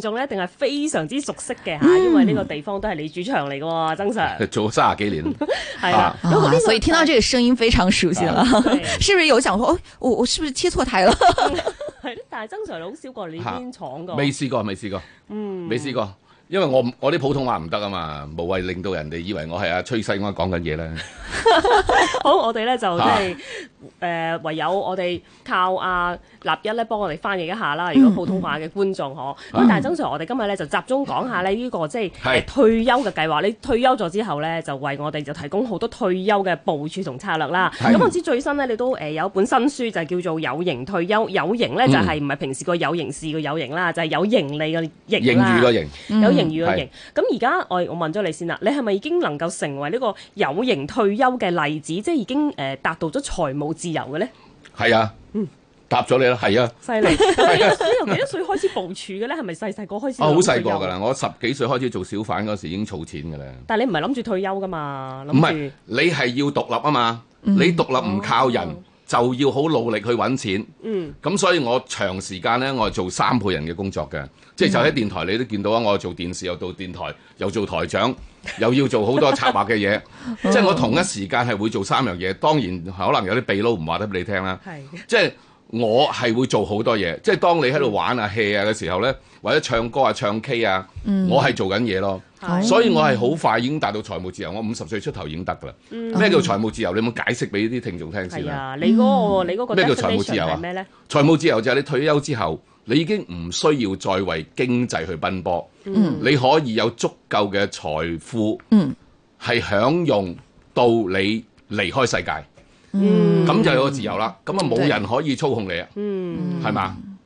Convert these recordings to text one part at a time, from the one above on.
眾一定係非常之熟悉嘅吓，因為呢個地方都係你主場嚟嘅、嗯，曾 Sir 做咗三十幾年，係 啊,啊,啊，所以聽到這個聲音非常熟悉啦、啊。是不是有想過，我我是不是切錯台啦 、嗯？但係曾 Sir 你好少過你邊廠嘅，未試過，未、啊、試過,過，嗯，未試過。因為我我啲普通話唔得啊嘛，無謂令到人哋以為我係阿崔世安講緊嘢咧。好，我哋咧就即係誒，唯有我哋靠阿立一咧幫我哋翻譯一下啦。如果普通話嘅觀眾嗬，咁但係曾 Sir，我哋今日咧就集中講下咧呢個即係退休嘅計劃。你退休咗之後咧，就為我哋就提供好多退休嘅部署同策略啦。咁我知最新咧，你都誒有一本新書就叫做《有盈退休》，有盈咧就係唔係平時個有型事嘅有型啦，就係有盈利嘅盈啦。盈餘嘅盈。咁而家我我問咗你先啦，你係咪已經能夠成為呢個有形退休嘅例子，即係已經誒達、呃、到咗財務自由嘅咧？係啊，嗯，答咗你啦，係啊，犀利，係 是、啊、 你由幾多歲開始部署嘅咧？係咪細細個開始？好細個噶啦，我十幾歲開始做小販嗰時已經儲錢噶啦。但係你唔係諗住退休噶嘛？諗住？唔係，你係要獨立啊嘛？你獨立唔靠人。嗯哦就要好努力去揾錢，咁、嗯、所以我長時間呢，我係做三倍人嘅工作嘅、嗯，即係就喺電台你都見到啊，我做電視又做電台，又做台長， 又要做好多策劃嘅嘢、嗯，即係我同一時間係會做三樣嘢。當然可能有啲秘撈唔話得俾你聽啦，即係我係會做好多嘢、嗯。即係當你喺度玩啊戲啊嘅時候呢，或者唱歌啊唱 K 啊，嗯、我係做緊嘢咯。所以我係好快已經達到財務自由，我五十歲出頭已經得噶啦。咩、嗯、叫財務自由？你有冇解釋俾啲聽眾聽先啊，你嗰個你嗰個咩叫財務自由啊？咩咧？財務自由就係你退休之後，你已經唔需要再為經濟去奔波，嗯、你可以有足夠嘅財富，係、嗯、享用到你離開世界，咁、嗯、就有個自由啦。咁啊，冇人可以操控你啊，係、嗯、嘛？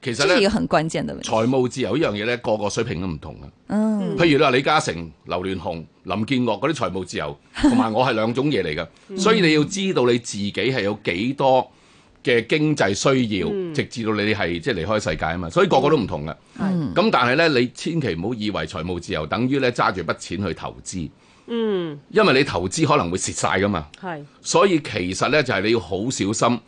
其實咧，係個很關鍵嘅問題。財務自由呢樣嘢咧，個個水平都唔同噶。嗯，譬如啦，李嘉誠、劉銮雄、林建岳嗰啲財務自由，同 埋我係兩種嘢嚟噶。所以你要知道你自己係有幾多嘅經濟需要、嗯，直至到你係即係離開世界啊嘛。所以個個都唔同噶。咁、嗯嗯、但係咧，你千祈唔好以為財務自由等於咧揸住筆錢去投資。嗯，因為你投資可能會蝕晒噶嘛。係，所以其實咧就係、是、你要好小心。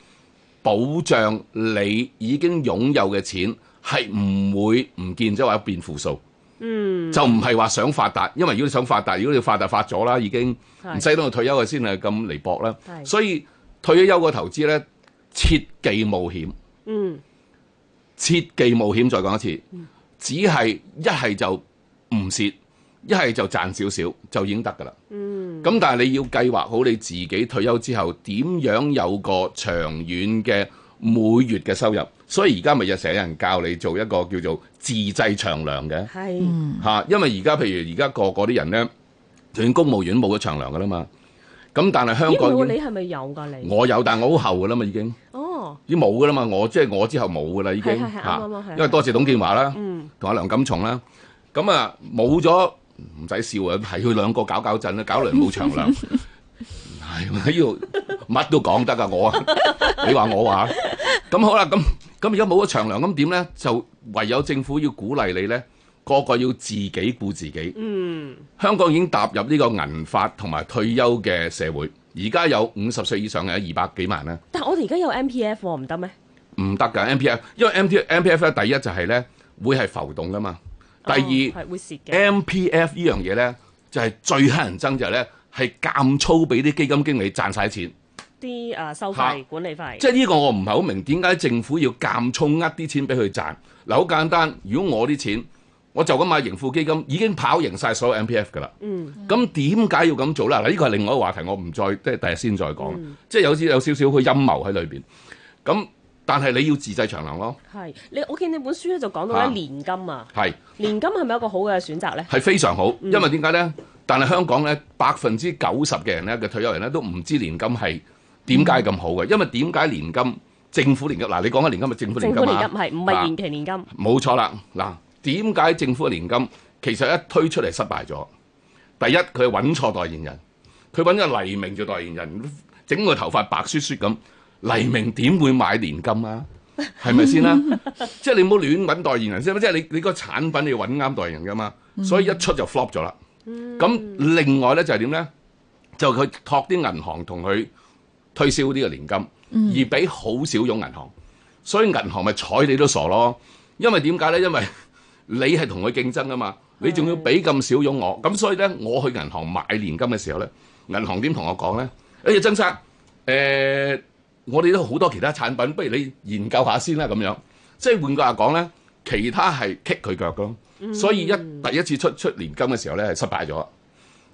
保障你已經擁有嘅錢係唔會唔見，即係話變負數。嗯，就唔係話想發達，因為如果你想發達，如果你發達發咗啦，已經唔使等到退休嘅先係咁嚟博啦。係，所以退咗休個投資呢，切忌冒險。嗯，切忌冒險。再講一次，只係一係就唔蝕。一係就賺少少就已經得噶啦。嗯。咁但係你要計劃好你自己退休之後點樣有個長遠嘅每月嘅收入。所以而家咪有成日人教你做一個叫做自製長糧嘅、嗯。因為而家譬如而家個個啲人咧，就算公務員冇咗長糧噶啦嘛。咁但係香港。你係咪有㗎你？我有，但係我好後㗎啦嘛，已經。哦。已經冇㗎啦嘛，我即係、就是、我之後冇㗎啦，已經因為多謝董建華啦，同、嗯、阿梁錦松啦，咁啊冇咗。唔使笑啊，係佢兩個搞搞震啦，搞嚟冇長糧，係嘛，要乜都講得噶我啊，你話我話，咁好啦，咁咁而家冇咗長糧咁點咧？就唯有政府要鼓勵你咧，個個要自己顧自己。嗯，香港已經踏入呢個銀髮同埋退休嘅社會，而家有五十歲以上嘅二百幾萬啦。但係我哋而家有 M P F 唔、哦、得咩？唔得噶 M P F，因為 M P M P F 咧，第一就係咧會係浮動噶嘛。第二 M P F 呢樣嘢咧，就係、是、最乞人憎就係咧，係監粗俾啲基金經理賺晒錢，啲收費管理費。即係呢個我唔係好明點解政府要監粗呃啲錢俾佢賺。嗱、嗯、好簡單，如果我啲錢，我就咁買盈富基金，已經跑贏晒所有 M P F 㗎啦。嗯，咁點解要咁做啦？嗱，呢個係另外一個話題，我唔再即係第日先再講。即係、嗯就是、有少有少少個陰謀喺裏面。咁但係你要自製長糧咯。係，你我見你本書咧就講到咧年金啊。係、啊。年金係咪一個好嘅選擇咧？係非常好，因為點解咧？但係香港咧百分之九十嘅人咧嘅退休人咧都唔知年金係點解咁好嘅。嗯，因為點解年金政府年金，嗱你講緊年金咪政府年金，政府年金係唔係延期年金？冇、啊、錯啦。嗱，點解政府年金其實一推出嚟失敗咗？第一佢揾錯代言人，佢揾咗黎明做代言人，整個頭髮白雪雪咁。黎明點會買年金啊？係咪先啦？ 即係你唔好亂揾代言人先，即係你你個產品你要揾啱代言人噶嘛，所以一出就 flop 咗啦。咁另外咧就係點咧？就佢、係、託啲銀行同佢推銷呢個年金，而俾好少傭銀行，所以銀行咪睬你都傻咯。因為點解咧？因為你係同佢競爭噶嘛，你仲要俾咁少傭我，咁所以咧我去銀行買年金嘅時候咧，銀行點同我講咧？誒、欸，曾生，誒、欸。我哋都好多其他產品，不如你研究下先啦。咁樣即係換句話講呢，其他係棘佢腳噶。所以一第一次出出年金嘅時候呢，係失敗咗。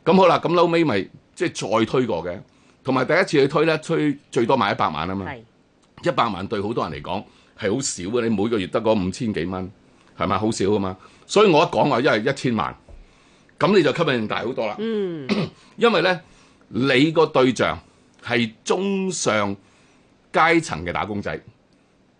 咁好啦，咁後尾、就、咪、是、即係再推過嘅，同埋第一次去推呢，推最多買一百萬啊嘛。一百萬對好多人嚟講係好少嘅，你每個月得嗰五千幾蚊，係咪好少啊嘛？所以我一講話因為一千萬，咁你就吸引力大好多啦、嗯。 因為呢，你個對象係中上階層嘅打工仔，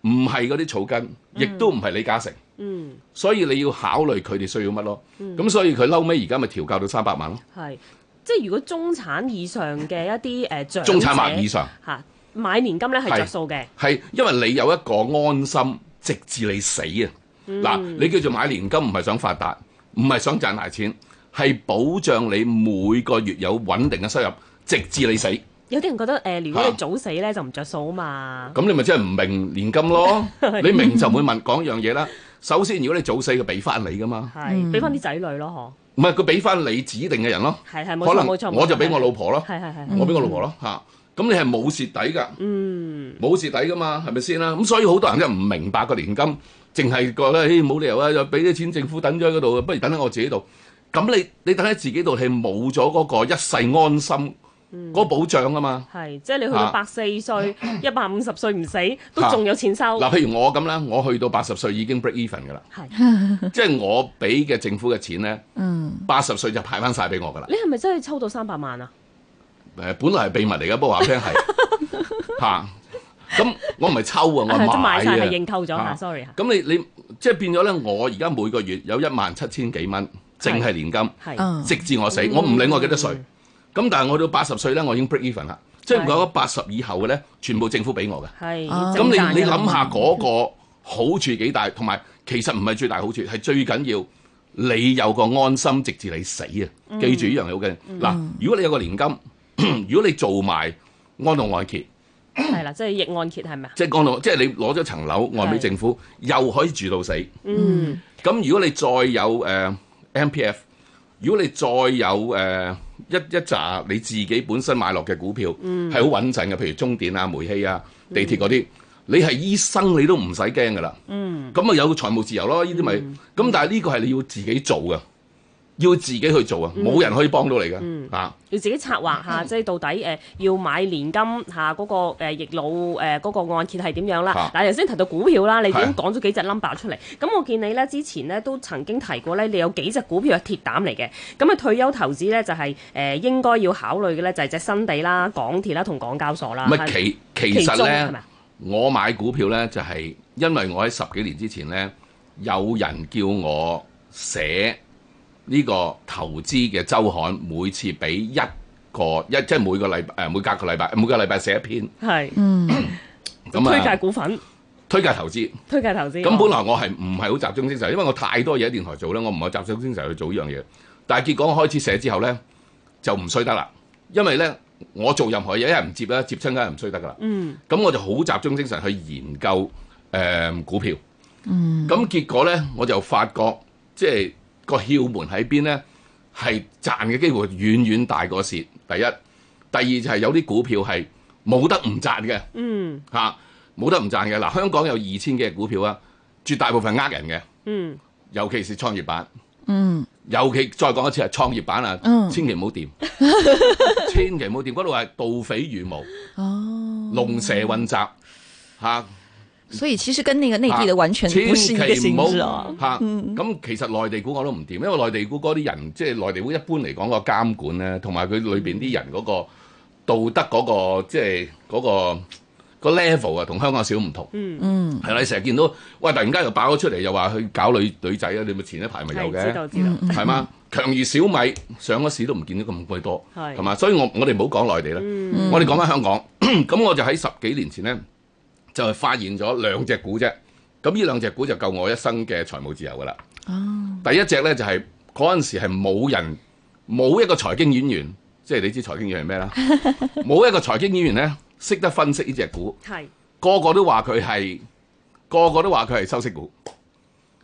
唔係嗰啲草根，亦都唔係李嘉誠、嗯。嗯，所以你要考慮佢哋需要乜咯。咁、嗯、所以佢嬲尾而家咪調校到三百萬咯。係，即係如果中產以上嘅一啲誒、呃、中產萬以上嚇、啊、買年金咧係著數嘅，係因為你有一個安心，直至你死啊！嗱、嗯，你叫做買年金唔係想發達，唔係想賺大錢，係保障你每個月有穩定嘅收入，直至你死。嗯有啲人覺得，誒，如果你早死咧，就唔着數啊嘛。咁你咪即係唔明年金咯？你明就會問講一樣嘢啦。首先，如果你早死，佢俾翻你噶嘛？係，俾翻啲仔女咯，嗬。唔係，佢俾翻你指定嘅人咯。係係冇錯冇錯，可能我就俾我老婆咯。係係係，我俾我老婆咯。吓，咁你係冇蝕底噶，嗯，冇蝕底噶嘛，係咪先啦？咁所以好多人即係唔明白個年金，淨係覺得，誒，冇理由啊，又俾啲錢政府等咗喺嗰度，不如等喺我自己度。咁你你等喺自己度係冇咗嗰個一世安心。嗰、嗯那個、保障啊嘛，係即係你去到百四歲、一百五十歲唔死，都仲有錢收。嗱、啊，譬、啊、如我咁啦，我去到八十歲已經 break even 噶啦，係即係我俾嘅政府嘅錢咧，八十歲就派翻晒俾我噶啦、嗯。你係咪真係抽到三百萬啊？誒、呃，本來係秘密嚟嘅，不過話聽係嚇。咁我唔係抽啊，我係買嘅。啊就是、買曬認購咗啊，sorry 啊。咁你你即係變咗咧？我而家每個月有一萬七千幾蚊，淨係年金，直至我死，嗯、我唔理我幾多歲。嗯嗯咁但係我到八十歲咧，我已經 break even 啦。即係如果八十以後嘅咧，全部政府俾我嘅。係，咁你、啊、你諗下嗰個好處幾大？同埋其實唔係最大好處，係最緊要你有個安心直至你死啊！記住呢樣嘢好緊要。嗱、嗯嗯，如果你有個年金，如果你做埋安老按揭，啦、就是，即係逆按揭係咪啊？即係安老，即係你攞咗層樓，按俾政府又可以住到死。嗯。咁如果你再有、呃、M P F，如果你再有、呃一一扎你自己本身買落嘅股票係好穩陣嘅，譬如中電啊、煤氣啊、地鐵嗰啲、嗯，你係醫生你都唔使驚㗎啦。咁、嗯、啊有個財務自由咯，呢啲咪咁？但係呢個係你要自己做嘅。要自己去做啊，冇、嗯、人可以幫到你噶嚇。嗯啊、要自己策劃下，即係、嗯、到底誒、呃、要買年金嚇嗰、啊那個誒易、呃、老誒嗰、呃那個按揭係點樣啦？嗱、啊，頭先、啊、提到股票啦，你已經講咗幾隻 number 出嚟？咁、啊、我見你呢，之前呢都曾經提過呢，你有幾隻股票係鐵膽嚟嘅。咁啊退休投資呢，就係、是、誒、呃、應該要考慮嘅呢，就係隻新地啦、港鐵啦同港交所啦。啊、其是其，中其實呢，吧我買股票呢，就係因為我喺十幾年之前呢，有人叫我寫。呢、投資嘅周刊每次俾一個一，即係每個禮誒每隔個禮拜每個禮拜寫一篇。係，嗯，咁推介股份，推介投資，推介投資。咁、本來我係唔係好集中精神，因為我太多嘢喺電台做啦，我唔係集中精神去做呢樣嘢。但係結果我開始寫之後咧，就唔衰得啦。因為咧，我做任何嘢一係唔接啦，接親梗係唔衰得噶啦。嗯，咁我就好集中精神去研究誒、股票。嗯，咁結果咧，我就發覺即係。個竅門喺邊咧？係賺嘅機會遠遠大過蝕。第一、第二就係有啲股票係冇得唔賺嘅。嗯，吓、啊、冇得唔賺嘅。嗱，香港有二千幾隻股票啊，絕大部分呃人嘅。嗯，尤其是創業板。嗯，尤其再講一次係創業板啊，千祈唔好掂，千祈唔好掂。嗰度係盜匪如毛，哦，龍蛇混雜，吓、啊。所以其實跟那個內地嘅完全不是一吓，咁其、啊嗯、其實內地股我都唔掂，因為內地股嗰啲人，即係內地股一般嚟講個監管咧，同埋佢裏邊啲人嗰個道德嗰、那個，即係嗰、那個、那個那個 level 啊，同香港少唔同。嗯嗯，係啦，你成日見到喂，突然間又爆咗出嚟，又話去搞女女仔啊！你咪前一排咪有嘅，知道知道，係嘛？強如小米上咗市都唔見到咁鬼多，係嘛？所以我內、嗯、我哋唔好講內地啦，我哋講翻香港。咁我就喺十幾年前咧。就係發現咗兩隻股啫，咁呢兩隻股就夠我一生嘅財務自由噶啦。哦、oh.，第一隻呢，就係嗰陣時係冇人，冇一個財經演員，即、就、係、是、你知財經演員係咩啦？冇 一個財經演員呢，識得分析呢隻股，係個個都話佢係個個都話佢係收息股。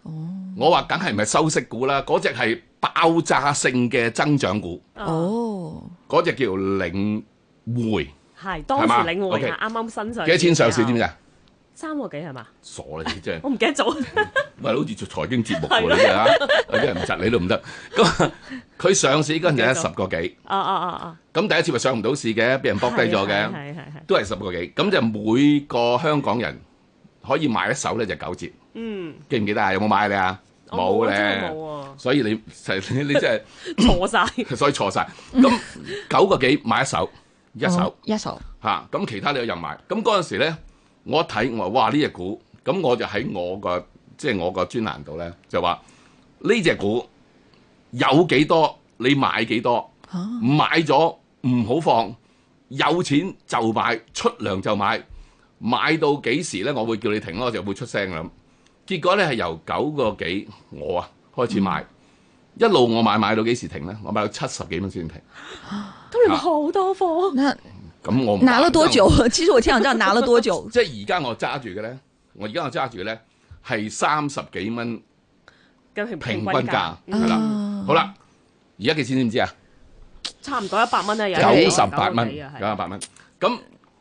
哦、oh.，我話梗係唔係收息股啦？嗰隻係爆炸性嘅增長股。哦，嗰隻叫領匯，係當時領匯啱啱、啊 okay. 新上，幾多錢上市知唔知？三個幾係嘛？傻啦，你真係，我唔記得咗，唔係好似做財經節目嗰啲啊，有啲人唔窒你都唔得。咁佢上市嗰陣就係十個幾，哦哦哦哦。咁第一次咪上唔到市嘅，俾人撲低咗嘅，係係係，都係十個幾。咁就每個香港人可以買一手咧就九折。嗯，記唔記得啊？有冇買你啊？冇咧，冇啊。所以你實你你真係錯晒，所以錯晒。咁九個幾買一手，一手一手吓，咁其他你又任買。咁嗰陣時咧。我睇我話哇呢隻、這個、股，咁我就喺我個即係我個專欄度咧，就話、是、呢隻、這個、股有幾多你買幾多，買咗唔好放，有錢就買，出糧就買，買到幾時咧？我會叫你停咯，我就會出聲咁。結果咧係由九個幾我啊開始買、嗯，一路我買買到幾時停咧？我買到七十幾蚊先停，都你好多貨。啊咁我拿了多久？ 其實我挺想知道拿了多久。 即係而家我揸住嘅咧，我而家我揸住嘅咧係三十幾蚊，平均價係啦。好啦，而家幾錢知唔知啊？差唔多一百蚊啦，有九十八蚊，九十八蚊。咁、那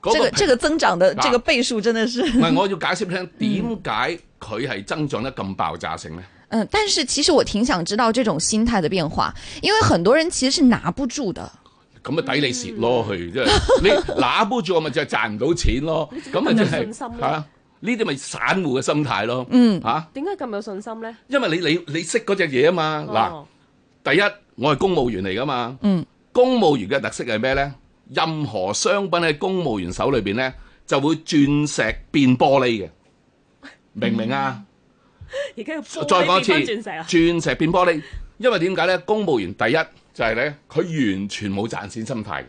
個，這個這個增長嘅，這個倍數真係唔係，我要解釋你聽，點解佢係增長得咁爆炸性咧、嗯？嗯，但是其實我挺想知道這種心態嘅變化，因為很多人其實是拿不住的。咁咪抵你蝕咯，去、嗯， 你拿波住我咪就係賺唔到錢咯。咁咪、啊、就係呢啲咪散戶嘅心態咯。嗯，點解咁有信心咧？因為你你你識嗰隻嘢啊嘛。嗱、哦，第一我係公務員嚟噶嘛。嗯，公務員嘅特色係咩咧？任何商品喺公務員手裏面咧，就會鑽石變玻璃嘅，明唔明、嗯、啊？而家要再講一次，鑽石變玻璃，因為點解咧？公務員第一。就係、是、咧，佢完全冇賺錢心態嘅，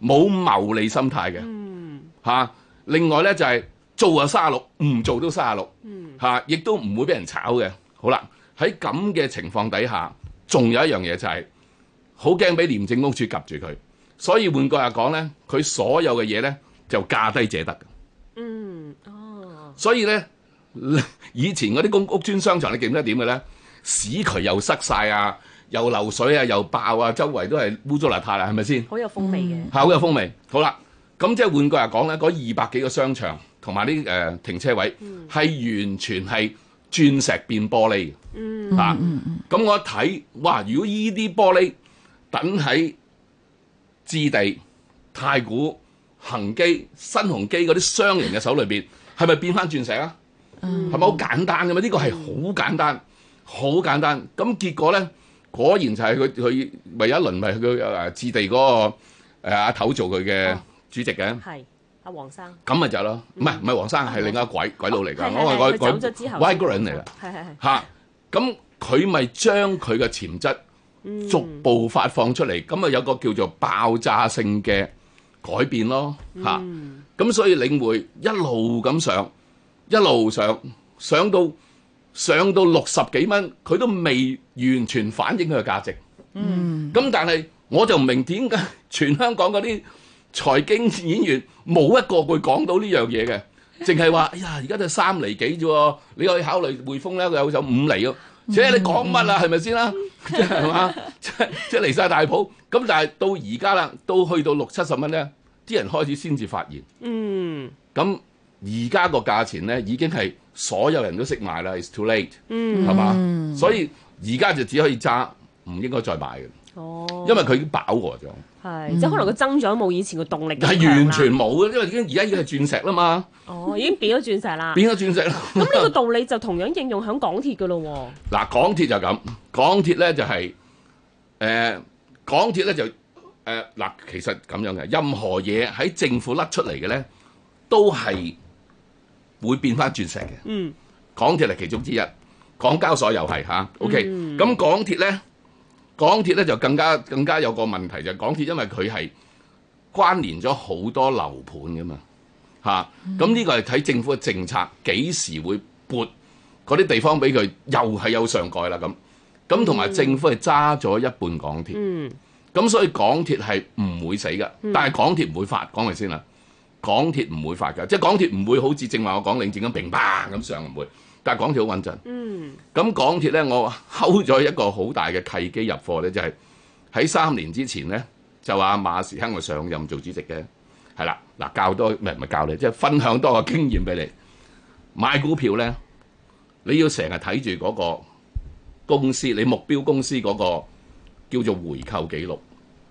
冇牟利心態嘅，嚇、嗯啊。另外咧就係、是、做就卅六，唔做都卅六，嚇，亦都唔會俾人炒嘅。好啦，喺咁嘅情況底下，仲有一樣嘢就係好驚俾廉政公署夾住佢。所以換句話講咧，佢所有嘅嘢咧就價低者得，嗯，哦。所以咧，以前嗰啲公屋村商場，你記唔記得點嘅咧？市渠又塞晒啊！又漏水啊，又爆啊，周圍都係污糟邋遢啦，係咪先？好有風味嘅，係，好有風味。好啦，咁即係換句話講咧，嗰二百幾個商場同埋啲誒停車位係完全係鑽石變玻璃嘅，嗱、嗯，咁我一睇哇！如果依啲玻璃等喺置地、太古、恒基、新鴻基嗰啲商人嘅手裏邊，係咪變翻鑽石啊？係咪好簡單嘅咩？呢、呢個係好簡單，好簡單。咁結果咧？果然就係佢佢唯一一輪是他，咪佢誒置地嗰、那個阿、啊、頭做佢嘅主席嘅，係阿黃生。咁咪就係咯，唔係唔係黃生，係、嗯、另一個鬼、嗯、鬼佬嚟㗎。我、哦、話鬼、哦、鬼 y g o r 人嚟㗎。係係係。嚇！咁佢咪將佢嘅潛質逐步發放出嚟，咁、嗯、咪有個叫做爆炸性嘅改變咯。嚇、啊！咁、嗯啊、所以領匯一路咁上，一路上上到。上到六十幾蚊，佢都未完全反映佢嘅價值。嗯，咁但係我就唔明點解全香港嗰啲財經演員冇一個會講到呢樣嘢嘅，淨係話：哎呀，現在而家就三厘幾啫喎！你可以考慮匯豐咧，佢有有五厘啊！且你講乜啊？係咪先啦？係嘛？即係即係離晒大譜。咁但係到而家啦，都去到六七十蚊咧，啲人開始先至發現。嗯，咁。而家個價錢咧已經係所有人都識買啦。It's too late，係、嗯、嘛？所以而家就只可以揸，唔應該再買嘅。哦，因為佢已經飽和咗，係即係可能個增長冇以前個動力。係、嗯、完全冇嘅，因為已經而家已經係鑽石啦嘛。哦，已經變咗鑽石啦。 變咗鑽石啦。咁呢個道理就同樣應用喺港鐵嘅咯、哦。嗱、啊，港鐵就咁，港鐵咧就係、是、誒、呃、港鐵咧就誒、是、嗱、呃，其實咁樣嘅任何嘢喺政府甩出嚟嘅咧都係。會變返鑽石嘅，港鐵係其中之一，港交所又係嚇。OK，咁、嗯、港鐵咧，港鐵咧就更加更加有個問題就係、是、港鐵，因為佢係關聯咗好多樓盤㗎嘛，嚇、嗯。咁、啊、呢個係睇政府嘅政策幾時會撥嗰啲地方俾佢，又係有上蓋啦咁。咁同埋政府係揸咗一半港鐵，咁、嗯、所以港鐵係唔會死㗎、嗯，但係港鐵唔會發，講明先啦。港鐵唔會發㗎，即係港鐵唔會好似正話我講領展咁，砰砰咁上唔會。但係港鐵好穩陣。嗯。咁港鐵咧，我睺咗一個好大嘅契機入貨咧，就係、是、喺三年之前咧，就話馬時亨我上任做主席嘅，係啦，嗱教多咩唔係教你，即、就、係、是、分享多個經驗俾你。買股票咧，你要成日睇住嗰個公司，你目標公司嗰個叫做回購記錄。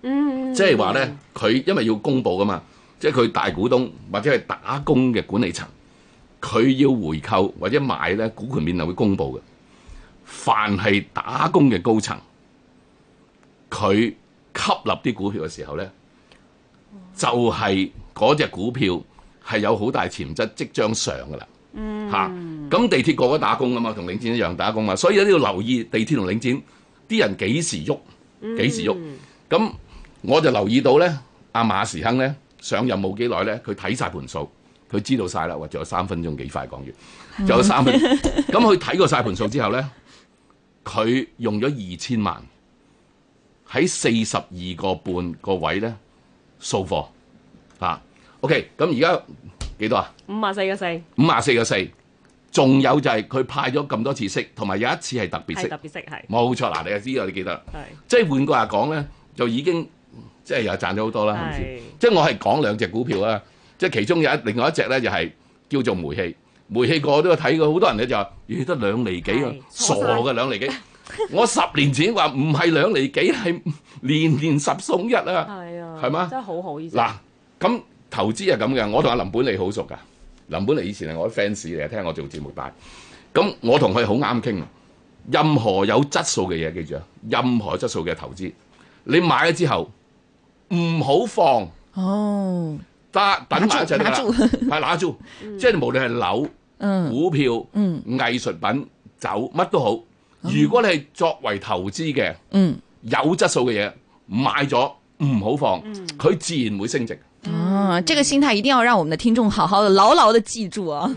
嗯。即係話咧，佢因為要公佈㗎嘛。即係佢大股東或者係打工嘅管理層，佢要回購或者買咧股權面，就會公佈嘅。凡係打工嘅高層，佢吸納啲股票嘅時候咧，就係嗰隻股票係有好大潛質即將上㗎啦。嚇、嗯、咁、啊、地鐵個個打工㗎嘛，同領展一樣打工嘛，所以一定要留意地鐵同領展啲人幾時喐，幾時喐。咁、嗯、我就留意到咧，阿馬時亨咧。上任冇幾耐咧，佢睇曬盤數，佢知道曬啦。或仲有三分鐘幾快講完，仲有三分。咁佢睇過曬盤數之後咧，佢用咗二千萬喺四十二個半個位咧掃貨嚇。OK，咁而家幾多啊？五十四個四，五十四個四。仲有就係佢派咗咁多次息，同埋有一次係特別息，特別息係冇錯嗱。你就知啊，你記得，係即係換句話講咧，就已經。即係又賺咗好多啦，係咪先？即係我係講兩隻股票啦、啊，即 係其中有一另外一隻咧，就係、是、叫做煤氣。煤氣個我都有睇過，好多人咧就話，咦，得兩厘幾啊？傻嘅兩厘幾？ 我十年前話唔係兩厘幾，係年年十送一啊，係嘛、啊？真係好好意思嗱。咁投資係咁嘅，我同阿林本利好熟㗎。林本利以前係我啲 fans 嚟，聽我做節目大咁，我同佢好啱傾。任何有質素嘅嘢，記住啊，任何質素嘅投資，你買咗之後。唔好放哦，得等埋就得啦，買拿住，即係 無論係樓、股票、藝、嗯、術品、酒，乜都好、哦。如果你係作為投資嘅、嗯，有質素嘅嘢買咗，唔好放，佢、嗯、自然會升值。啊，這個心態一定要讓我們嘅聽眾好好地牢牢地記住啊！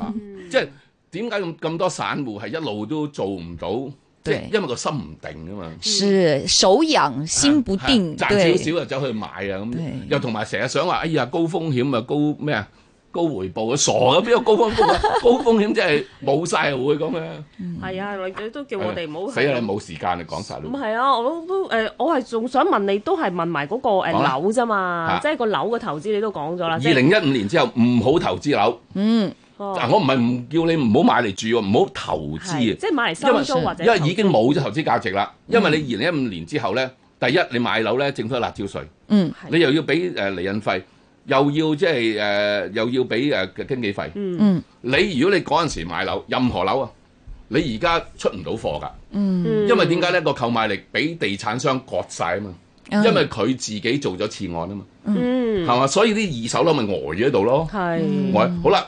即係點解咁咁多散戶係一路都做唔到？即係因為個心唔定啊嘛，是手癢心不定，賺少少就走去買啊咁，又同埋成日想話哎呀高風險啊高咩啊高回報啊傻啊邊有高風險啊高風險真係冇晒會咁啊，係啊，都叫我哋唔好死啦你冇時間啦你講晒啦，唔係啊我都誒我係仲想問你都係問埋嗰個誒樓啫嘛，即係個樓嘅投資你都講咗啦，二零一五年之後唔好投資樓，嗯。嗱、oh，我唔係唔叫你唔好買嚟住喎，唔好投資啊！即係、就是、買嚟收租或者因，因為已經冇咗投資價值啦、嗯。因為你而家一五年之後咧，第一你買樓咧，政府有辣椒稅，嗯，你又要俾誒、呃、厘印費，又要即係誒又要俾誒、呃、經紀費，嗯，你如果你嗰陣時買樓，任何樓啊，你而家出唔到貨㗎，嗯，因為點解咧？個購買力俾地產商割晒啊嘛，因為佢自己做咗次案啊嘛，嗯，係嘛、嗯？所以啲二手樓咪呆咗喺度咯，係，好啦。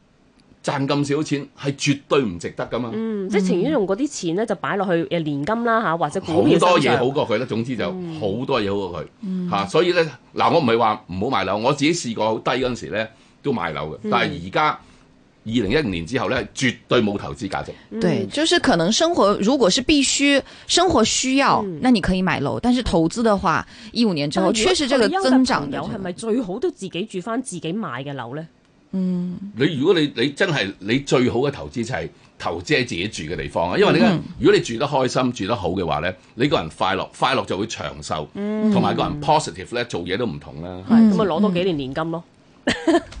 賺咁少錢係絕對唔值得噶嘛，嗯，即係情願用嗰啲錢咧、嗯、就擺落去誒年金啦吓，或者好多嘢好過佢啦，總之就好多嘢好過佢吓、嗯啊，所以咧嗱，我唔係話唔好買樓，我自己試過好低嗰陣時咧都買樓嘅，但係而家二零一五年之後咧絕對冇投資價值。對，就是可能生活如果是必須生活需要，那你可以買樓，但是投資的話，一五年之後缺失這個增長，有係咪最好都自己住翻自己買嘅樓咧？嗯，你如果你你真係你最好嘅投資就係投資喺自己住嘅地方啊，因為你、嗯、如果你住得開心、住得好嘅話呢，你個人快樂快樂就會長壽，同、嗯、埋個人 positive 呢，做嘢都唔同啦。咁咪攞多幾年年金咯。